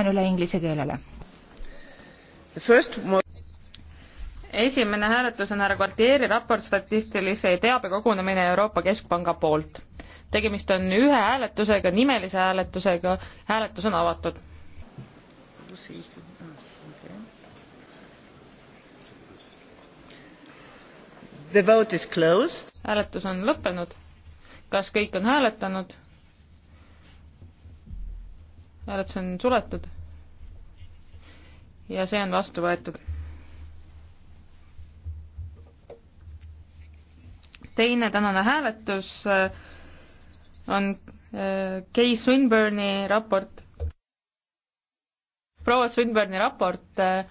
lähen üle inglise keelele. esimene hääletus on härra Gualtieri raport statistilise teabe kogunemine Euroopa Keskpanga poolt. tegemist on ühe hääletusega, nimelise hääletusega, hääletus on avatud. hääletus on lõppenud. kas kõik on hääletanud? hääletus on suletud ja see on vastu võetud. teine tänane hääletus äh, on äh, Kay Swinburne'i raport, proua Swinburne'i raport äh,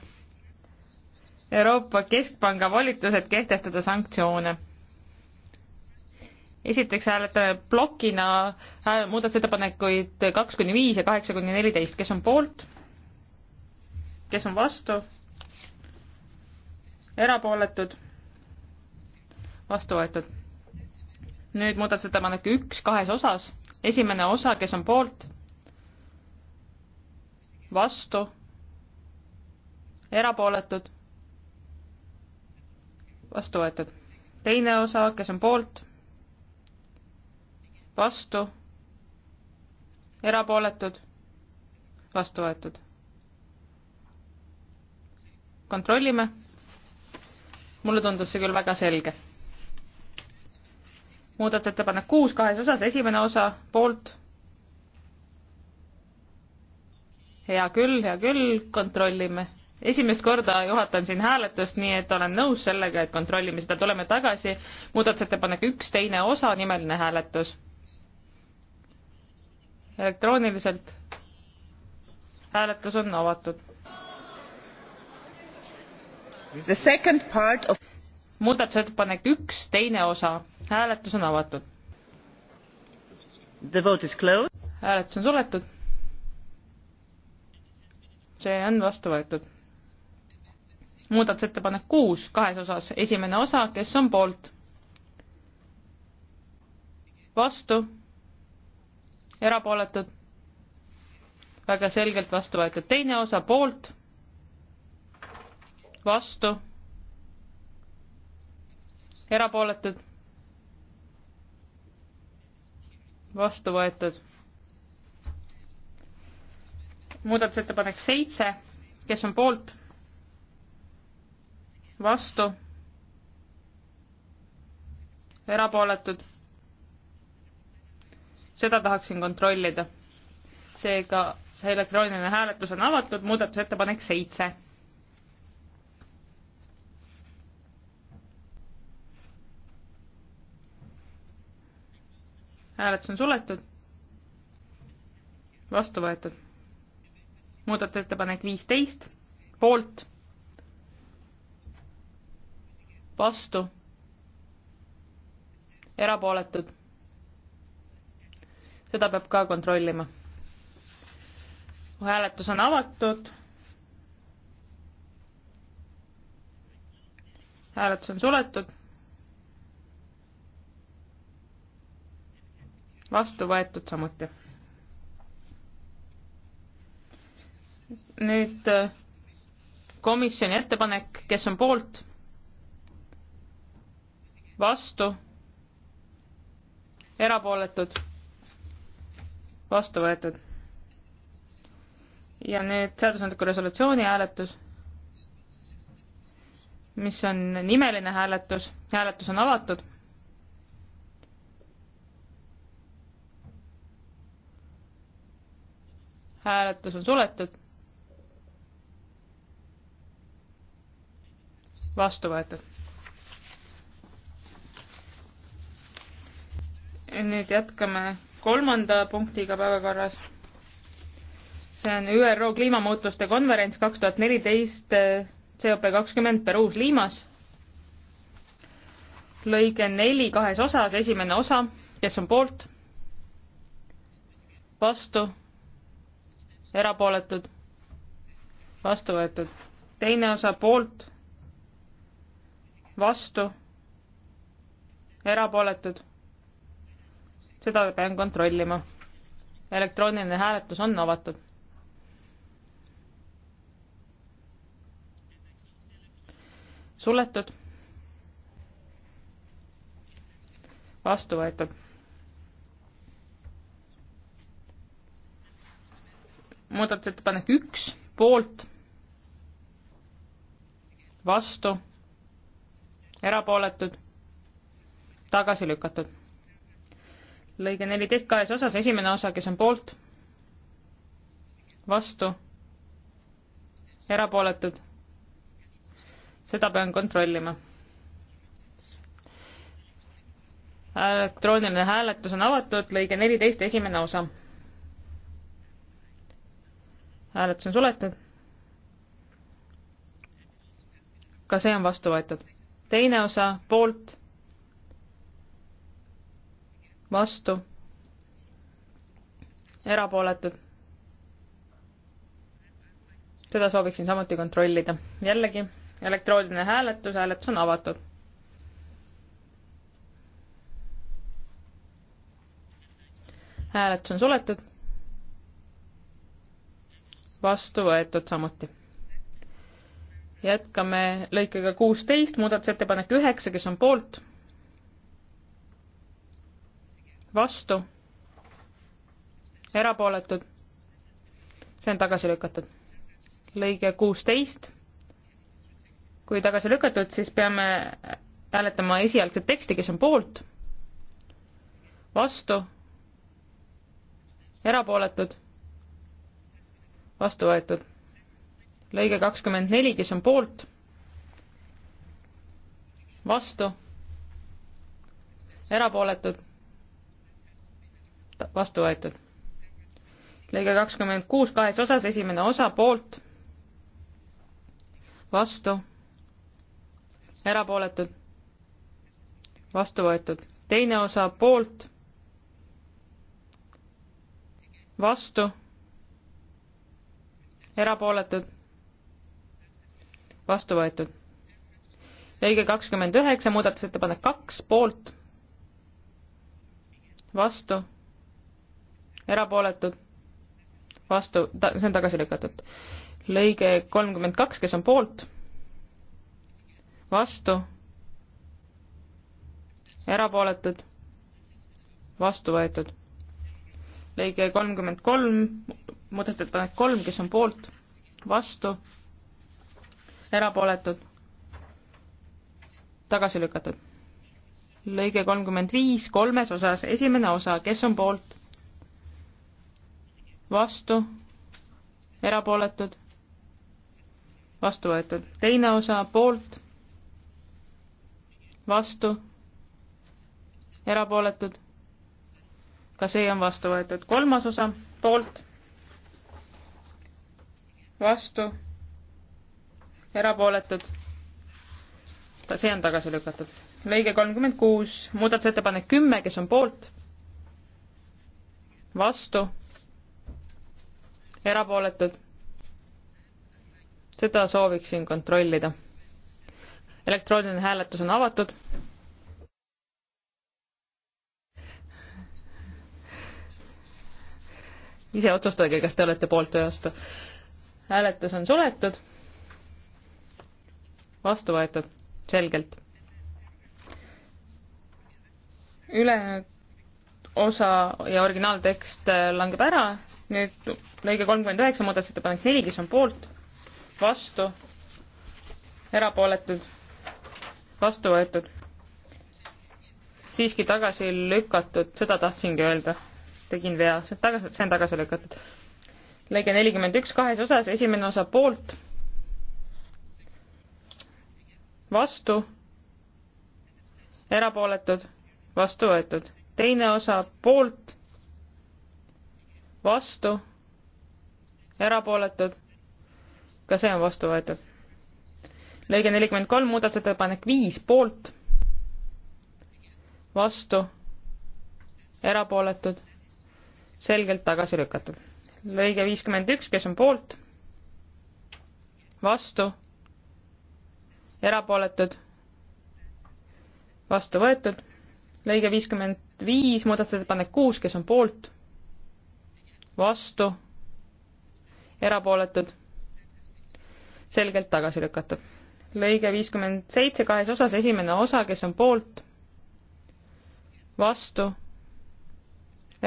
Euroopa Keskpanga volitused kehtestada sanktsioone esiteks hääletame plokina muudatusettepanekuid kaks kuni viis ja kaheksa kuni neliteist, kes on poolt, kes on vastu, erapooletud, vastu võetud. nüüd muudatusettepanek üks kahes osas, esimene osa, kes on poolt, vastu, erapooletud, vastu võetud. teine osa, kes on poolt vastu, erapooletud, vastu võetud. kontrollime. mulle tundus see küll väga selge. muudatusettepanek kuus kahes osas, esimene osa poolt. hea küll, hea küll, kontrollime esimest korda juhatan siin hääletust, nii et olen nõus sellega, et kontrollime seda, tuleme tagasi. muudatusettepanek üks, teine osa, nimeline hääletus elektrooniliselt. hääletus on avatud. Of... muudatusettepanek üks, teine osa, hääletus on avatud. hääletus on suletud. see on vastu võetud. muudatusettepanek kuus, kahes osas, esimene osa, kes on poolt? vastu erapooletud, väga selgelt vastu võetud, teine osa poolt, vastu, erapooletud, vastu võetud. muudatusettepanek seitse, kes on poolt, vastu, erapooletud seda tahaksin kontrollida. seega elektrooniline hääletus on avatud, muudatusettepanek seitse. hääletus on suletud. vastu võetud. muudatusettepanek viisteist, poolt. vastu. erapooletud seda peab ka kontrollima. hääletus on avatud. hääletus on suletud. vastu võetud samuti. nüüd äh, komisjoni ettepanek, kes on poolt? vastu? erapooletud? vastu võetud. ja nüüd seadusandliku resolutsiooni hääletus, mis on nimeline hääletus, hääletus on avatud. hääletus on suletud. vastu võetud. nüüd jätkame kolmanda punktiga päevakorras. see on ÜRO kliimamuutuste konverents kaks tuhat neliteist COP kakskümmend Peruus Liimas. lõige neli kahes osas, esimene osa, kes on poolt, vastu, erapooletud, vastu võetud. teine osa poolt, vastu, erapooletud seda pean kontrollima. elektrooniline hääletus on avatud. suletud. vastu võetud. muudatusettepanek üks, poolt, vastu, erapooletud, tagasi lükatud lõige neliteist kahes osas, esimene osa, kes on poolt, vastu, erapooletud, seda pean kontrollima. elektrooniline hääletus on avatud, lõige neliteist, esimene osa. hääletus on suletud. ka see on vastu võetud. teine osa, poolt vastu, erapooletud. seda sooviksin samuti kontrollida. jällegi elektrooniline hääletus, hääletus on avatud. hääletus on suletud. vastu võetud samuti. jätkame lõikega kuusteist, muudatusettepanek üheksa, kes on poolt vastu, erapooletud, see on tagasi lükatud. lõige kuusteist, kui tagasi lükatud, siis peame hääletama esialgset teksti, kes on poolt, vastu, erapooletud, vastu võetud. lõige kakskümmend neli, kes on poolt, vastu, erapooletud vast-, vastu võetud. lõige kakskümmend kuus kahes osas, esimene osa poolt, vastu, erapooletud, vastu võetud. teine osa poolt, vastu, erapooletud, vastu võetud. lõige kakskümmend üheksa, muudatusettepanek kaks, poolt vastu erapooletud, vastu, ta, see on tagasi lükatud. lõige kolmkümmend kaks, kes on poolt, vastu, erapooletud, vastu võetud. lõige kolmkümmend kolm, muudatusettepanek kolm, kes on poolt, vastu, erapooletud, tagasi lükatud lõige kolmkümmend viis kolmes osas, esimene osa, kes on poolt, vastu, erapooletud, vastu võetud. teine osa poolt, vastu, erapooletud, ka see on vastu võetud. kolmas osa poolt, vastu, erapooletud, ka see on tagasi lükatud. lõige kolmkümmend kuus, muudatusettepanek kümme, kes on poolt, vastu erapooletud. seda sooviksin kontrollida. elektrooniline hääletus on avatud. ise otsustage, kas te olete poolt või vastu. hääletus on suletud. vastu võetud, selgelt. ülejäänud osa ja originaaltekst langeb ära nüüd lõige kolmkümmend üheksa, muudatusettepanek neli, kes on poolt, vastu, erapooletud, vastu võetud, siiski tagasi lükatud, seda tahtsingi öelda, tegin vea, see on tagasi, see on tagasi lükatud. lõige nelikümmend üks kahes osas, esimene osa poolt, vastu, erapooletud, vastu võetud, teine osa poolt vastu, erapooletud, ka see on vastu võetud. lõige nelikümmend kolm, muudatusettepanek viis, poolt, vastu, erapooletud, selgelt tagasi lükatud. lõige viiskümmend üks, kes on poolt, vastu, erapooletud, vastu võetud, lõige viiskümmend viis, muudatusettepanek kuus, kes on poolt vastu, erapooletud, selgelt tagasi lükatud. lõige viiskümmend seitse kahes osas, esimene osa, kes on poolt, vastu,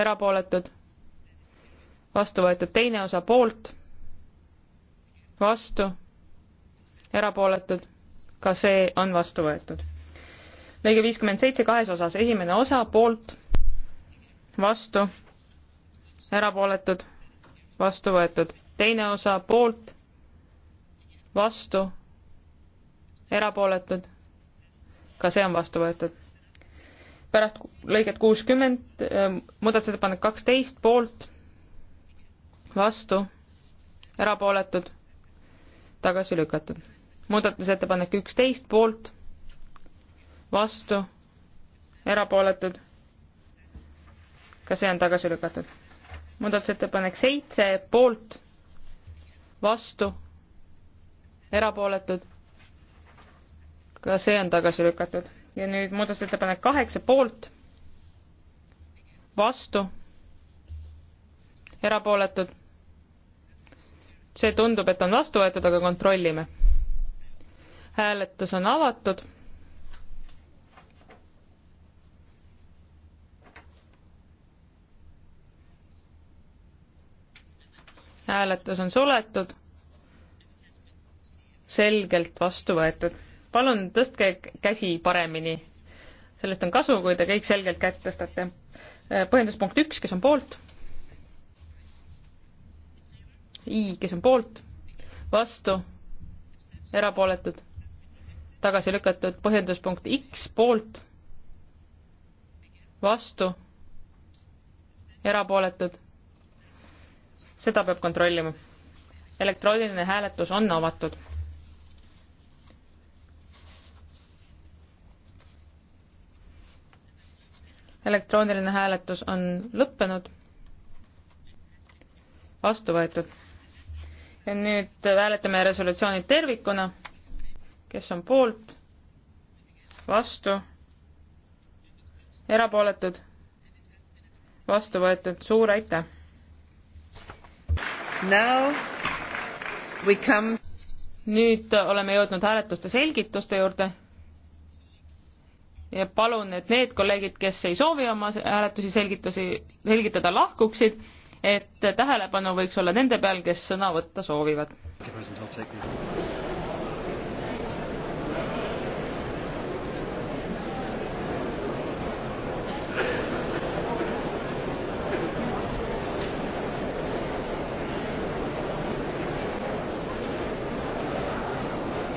erapooletud, vastu võetud teine osa poolt, vastu, erapooletud, ka see on vastu võetud. lõige viiskümmend seitse kahes osas, esimene osa poolt, vastu erapooletud, vastu võetud. teine osa poolt, vastu, erapooletud, ka see on vastu võetud. pärast lõiget kuuskümmend, äh, muudatusettepanek kaksteist, poolt, vastu, erapooletud, tagasi lükatud. muudatusettepanek üksteist, poolt, vastu, erapooletud, ka see on tagasi lükatud muudatusettepanek seitse, poolt, vastu, erapooletud. ka see on tagasi lükatud ja nüüd muudatusettepanek kaheksa, poolt, vastu, erapooletud. see tundub, et on vastu võetud, aga kontrollime. hääletus on avatud hääletus on suletud. selgelt vastu võetud. palun tõstke käsi paremini. sellest on kasu, kui te kõik selgelt kätt tõstate. Äh, põhjendus punkt üks, kes on poolt? I, kes on poolt? vastu? erapooletud? tagasi lükatud põhjenduspunkt X poolt, vastu, erapooletud, seda peab kontrollima. elektrooniline hääletus on avatud. elektrooniline hääletus on lõppenud, vastu võetud. ja nüüd hääletame resolutsiooni tervikuna, kes on poolt, vastu, erapooletud, vastu võetud, suur aitäh! nüüd oleme jõudnud hääletuste selgituste juurde ja palun, et need kolleegid, kes ei soovi oma hääletusi selgitusi, selgitada, lahkuksid, et tähelepanu võiks olla nende peal, kes sõna võtta soovivad.